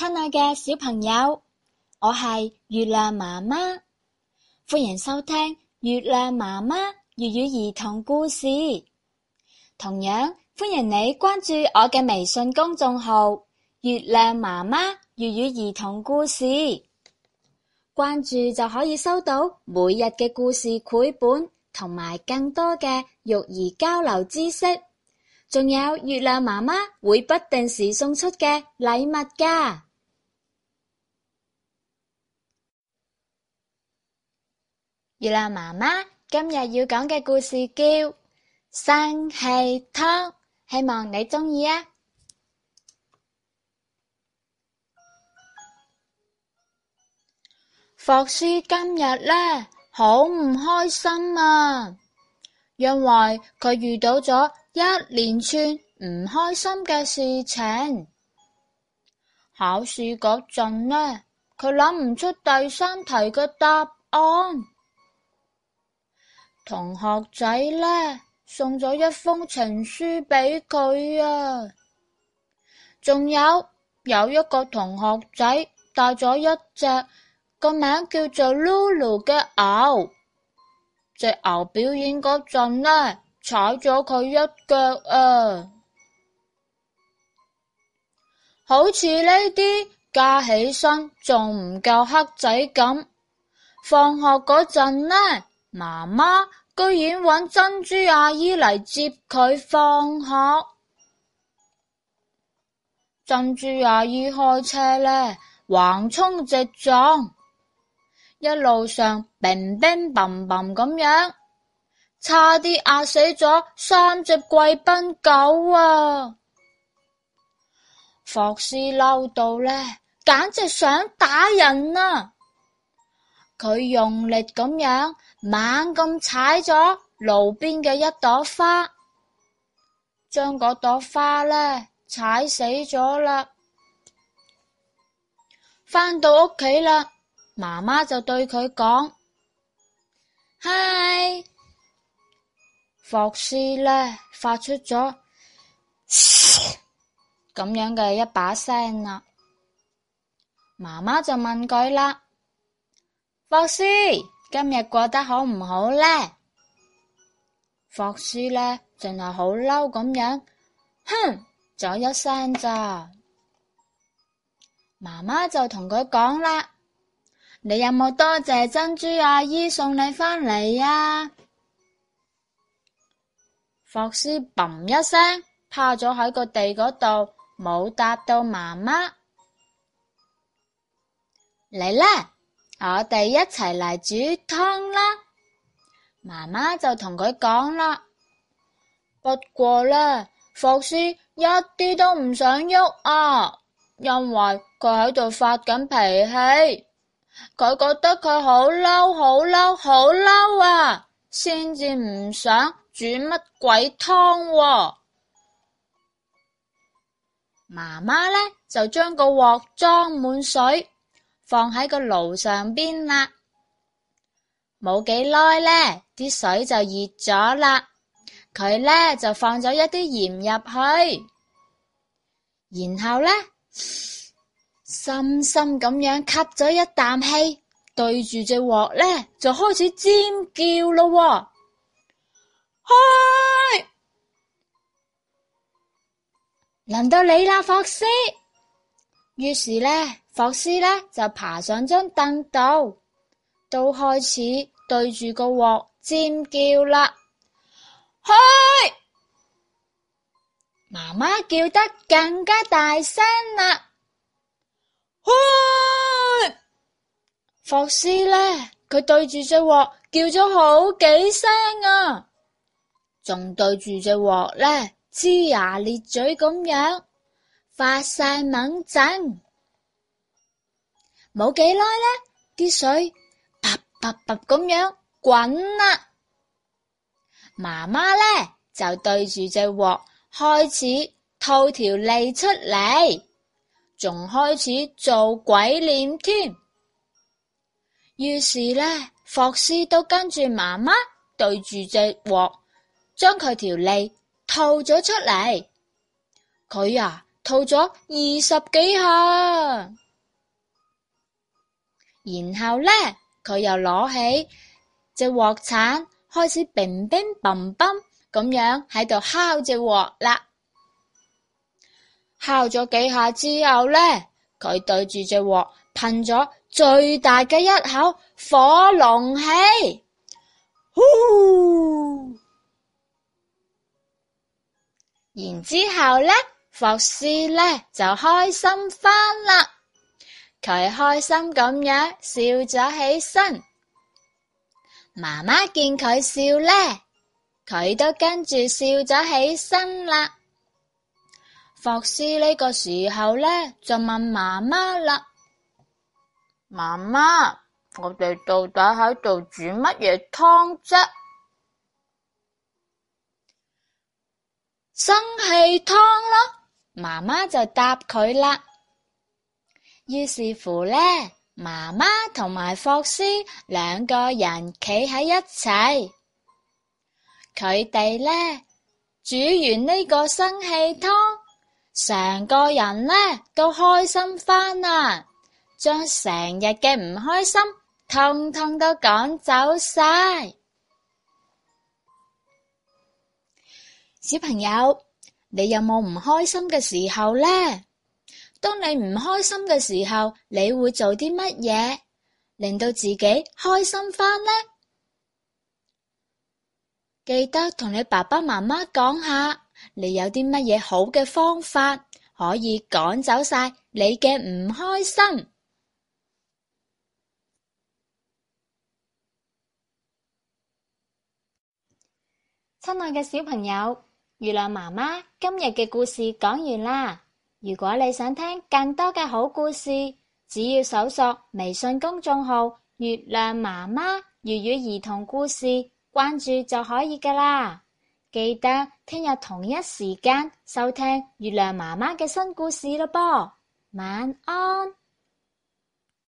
親愛嘅小朋友，我係月亮媽媽，歡迎收聽月亮媽媽粵語兒童故事。同樣歡迎你關注我嘅微信公眾號《月亮媽媽粵語兒童故事》，關注就可以收到每日嘅故事繪本同埋更多嘅育兒交流知識，仲有月亮媽媽會不定時送出嘅禮物噶。月亮媽媽今日要講嘅故事叫《生氣湯》，希望你鍾意啊！霍斯今日呢，好唔開心啊，因為佢遇到咗一連串唔開心嘅事情。考試嗰陣呢，佢諗唔出第三題嘅答案。同學仔呢，送咗一封情書俾佢啊，仲有有一個同學仔帶咗一隻個名叫做 Lulu 嘅牛，隻牛表演嗰陣呢，踩咗佢一腳啊，好似呢啲架起身仲唔夠黑仔咁，放學嗰陣呢，媽媽。居然揾珍珠阿姨嚟接佢放學，珍珠阿姨開車呢，橫衝直撞，一路上乒乒嘭嘭咁樣，差啲壓死咗三隻貴賓狗啊！霍斯嬲到呢，簡直想打人啊！佢用力咁樣猛咁踩咗路邊嘅一朵花，將嗰朵花呢踩死咗啦。返到屋企啦，媽媽就對佢講：嗨 Hi，霍斯呢發出咗咁樣嘅一把聲啦。媽媽就問佢啦。霍斯今日過得好唔好呢？霍斯呢，淨係好嬲咁樣，哼咗一聲咋？媽媽就同佢講啦：你有冇多謝珍珠阿姨送你返嚟呀？霍斯嘣一聲趴咗喺個地嗰度，冇答到媽媽。嚟啦！我哋一齊嚟煮湯啦！媽媽就同佢講啦。不過呢，霍斯一啲都唔想喐啊，因為佢喺度發緊脾氣，佢覺得佢好嬲，好嬲，好嬲啊，先至唔想煮乜鬼湯啊。媽媽呢，就將個鍋裝滿水。放喺個爐上邊啦，冇幾耐呢啲水就熱咗啦。佢呢就放咗一啲鹽入去，然後呢深深咁樣吸咗一啖氣，對住隻鑊呢就開始尖叫咯。開、哎，輪到你啦，霍斯。於是呢。霍斯呢，就爬上張凳度，都開始對住個鍋尖叫啦！去，媽媽叫得更加大聲啦！去，霍斯呢佢對住隻鑊叫咗好幾聲啊，仲對住隻鑊呢，吱牙裂嘴咁樣發晒猛陣。冇幾耐呢，啲水啪啪啪咁樣滾啦。媽媽呢，就對住隻鑊開始吐條脷出嚟，仲開始做鬼臉添。於是呢，霍斯都跟住媽媽對住隻鑊，將佢條脷吐咗出嚟。佢啊，吐咗二十幾下。然後呢，佢又攞起隻鍋鏟開始乒乒砰砰咁樣喺度敲隻鑊啦。敲咗幾下之後呢，佢對住隻鑊噴咗最大嘅一口火龍氣，呼，呼！然之後呢，霍斯呢就開心翻啦。佢開心咁樣笑咗起身，媽媽見佢笑呢，佢都跟住笑咗起身啦。霍斯呢個時候呢，就問媽媽啦：媽媽，我哋到底喺度煮乜嘢湯啫？生氣湯咯！媽媽就答佢啦。於是乎呢，媽媽同埋霍斯兩個人企喺一齊，佢哋呢，煮完呢個生氣湯，成個人呢都開心返啦，將成日嘅唔開心通通都趕走晒。小朋友，你有冇唔開心嘅時候呢？當你唔開心嘅時候，你會做啲乜嘢令到自己開心返呢？記得同你爸爸媽媽講下，你有啲乜嘢好嘅方法可以趕走晒你嘅唔開心。親愛嘅小朋友，月亮媽媽今日嘅故事講完啦。如果你想聽更多嘅好故事，只要搜索微信公眾號《月亮媽媽粵語兒童故事》，關注就可以㗎喇。記得聽日同一時間收聽月亮媽媽嘅新故事咯，噃，晚安。